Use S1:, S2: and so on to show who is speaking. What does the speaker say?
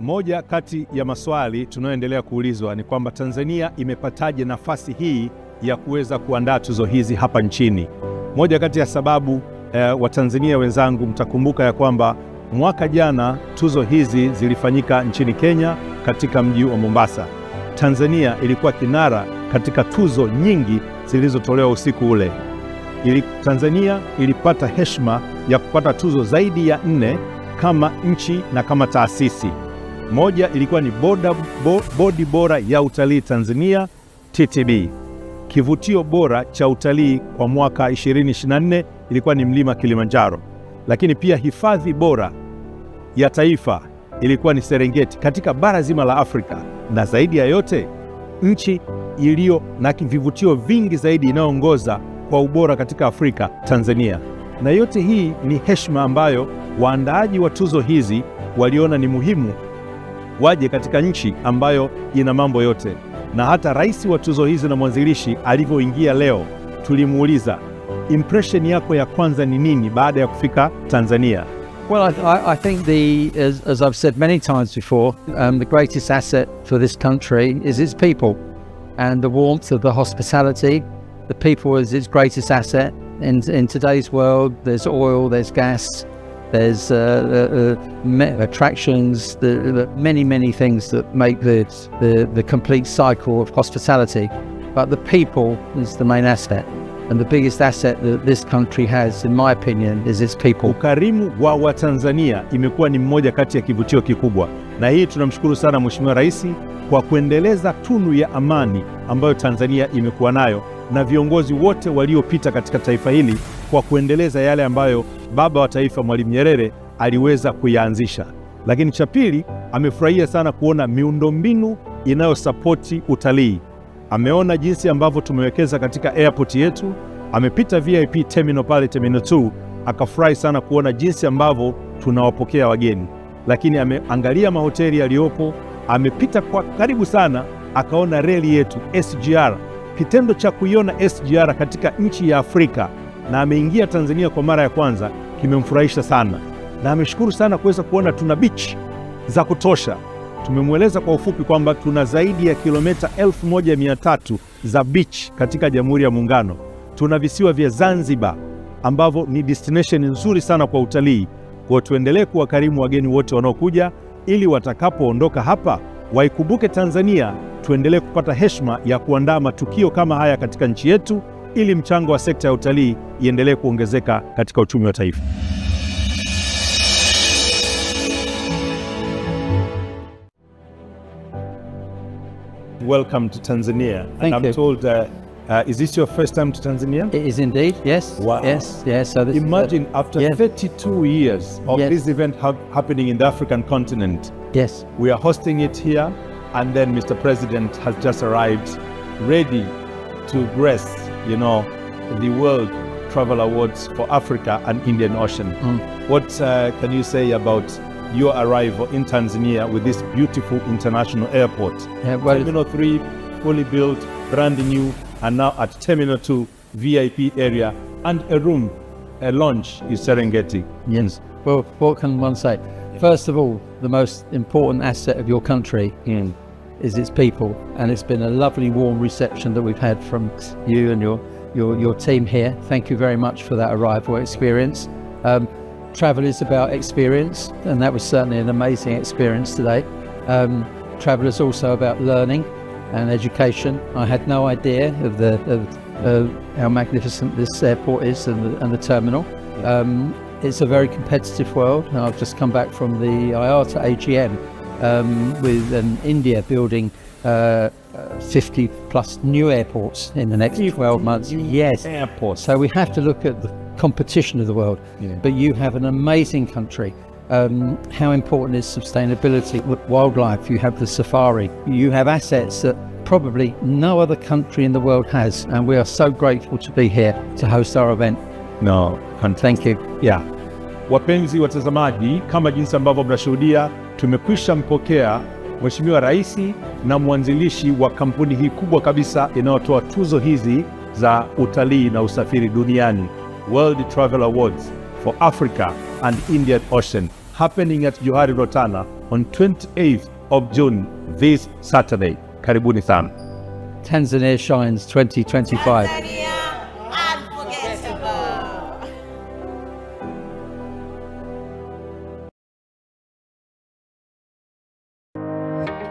S1: Moja kati ya maswali tunayoendelea kuulizwa ni kwamba Tanzania imepataje nafasi hii ya kuweza kuandaa tuzo hizi hapa nchini. Moja kati ya sababu eh, Watanzania wenzangu mtakumbuka ya kwamba mwaka jana tuzo hizi zilifanyika nchini Kenya katika mji wa Mombasa. Tanzania ilikuwa kinara katika tuzo nyingi zilizotolewa usiku ule. Ili, Tanzania ilipata heshima ya kupata tuzo zaidi ya nne kama nchi na kama taasisi. Moja ilikuwa ni boda, bo, bodi bora ya utalii Tanzania TTB. Kivutio bora cha utalii kwa mwaka 2024 ilikuwa ni mlima Kilimanjaro, lakini pia hifadhi bora ya taifa ilikuwa ni Serengeti katika bara zima la Afrika, na zaidi ya yote nchi iliyo na vivutio vingi zaidi inayoongoza kwa ubora katika Afrika, Tanzania. Na yote hii ni heshima ambayo waandaaji wa tuzo hizi waliona ni muhimu waje katika nchi ambayo ina mambo yote. Na hata rais wa tuzo hizi na mwanzilishi alivyoingia leo, tulimuuliza impression yako ya kwanza ni nini baada ya kufika Tanzania?
S2: Well, I, I think the, as, as I've said many times before, um, the greatest asset for this country is its people. And the warmth of the hospitality, the people is its greatest asset. In, in today's world, there's oil, there's gas, There's uh, uh, uh attractions, the, the many, many things that make the, the, the complete cycle of hospitality. But the people is the main asset. And the biggest asset that this country has, in my opinion, is its people.
S1: Ukarimu wa Watanzania imekuwa ni mmoja kati ya kivutio kikubwa, na hii tunamshukuru sana Mheshimiwa Rais kwa kuendeleza tunu ya amani ambayo Tanzania imekuwa nayo na viongozi wote waliopita katika taifa hili kwa kuendeleza yale ambayo baba wa taifa Mwalimu Nyerere aliweza kuyaanzisha. Lakini cha pili, amefurahia sana kuona miundombinu inayosapoti utalii. Ameona jinsi ambavyo tumewekeza katika airport yetu. Amepita VIP terminal pale terminal 2, akafurahi sana kuona jinsi ambavyo tunawapokea wageni. Lakini ameangalia mahoteli yaliyopo, amepita kwa karibu sana akaona reli yetu SGR. Kitendo cha kuiona SGR katika nchi ya Afrika na ameingia Tanzania kwa mara ya kwanza kimemfurahisha sana, na ameshukuru sana kuweza kuona tuna beach za kutosha. Tumemweleza kwa ufupi kwamba tuna zaidi ya kilomita 1300 za beach katika Jamhuri ya Muungano. Tuna visiwa vya Zanzibar ambavyo ni destination nzuri sana kwa utalii. Kwa tuendelee kuwakarimu wageni wote wanaokuja, ili watakapoondoka hapa waikumbuke Tanzania. Tuendelee kupata heshima ya kuandaa matukio kama haya katika nchi yetu ili mchango wa sekta ya utalii iendelee kuongezeka katika uchumi wa taifa.
S3: Welcome to Tanzania. Thank and I'm you. told uh, uh, is this your first time to Tanzania?
S2: It is indeed, yes.
S3: Wow. Yes, yes. So this Imagine the, after yes. 32 years of yes. this event ha happening in the African continent. Yes. We are hosting it here and then Mr. President has just arrived ready to grace you know, the World Travel Awards for Africa and Indian Ocean. Mm. What uh, can you say about your arrival in Tanzania with this beautiful international airport? Yeah, well, Terminal 3, fully built, brand new, and now at Terminal 2, VIP area, and a room, a lounge is Serengeti.
S2: Yes. Well, what can one say? First of all, the most important asset of your country mm is its people. And it's been a lovely, warm reception that we've had from you and your your, your team here. Thank you very much for that arrival experience. Um, travel is about experience, and that was certainly an amazing experience today. Um, travel is also about learning and education. I had no idea of the of, of how magnificent this airport is and the, and the terminal. Um, it's a very competitive world. I've just come back from the IATA AGM, um, with um, India building uh, uh, 50 plus new airports in the next 12 months. Yes. Airports. So we have to look at the competition of the world. Yeah. But you have an amazing country. Um, how important is sustainability wildlife? You have the safari. You have assets that probably no other country in the world has. And we are so grateful to be here to host our event. No, thank you.
S3: Yeah.
S1: Wapenzi watazamaji, kama jinsi ambavyo mnashuhudia tumekwisha mpokea Mheshimiwa Rais na mwanzilishi wa kampuni hii kubwa kabisa inayotoa tuzo hizi za utalii na usafiri duniani, World Travel Awards for Africa and Indian Ocean happening at Johari Rotana on 28th of June this Saturday. Karibuni sana.
S2: Tanzania Shines 2025.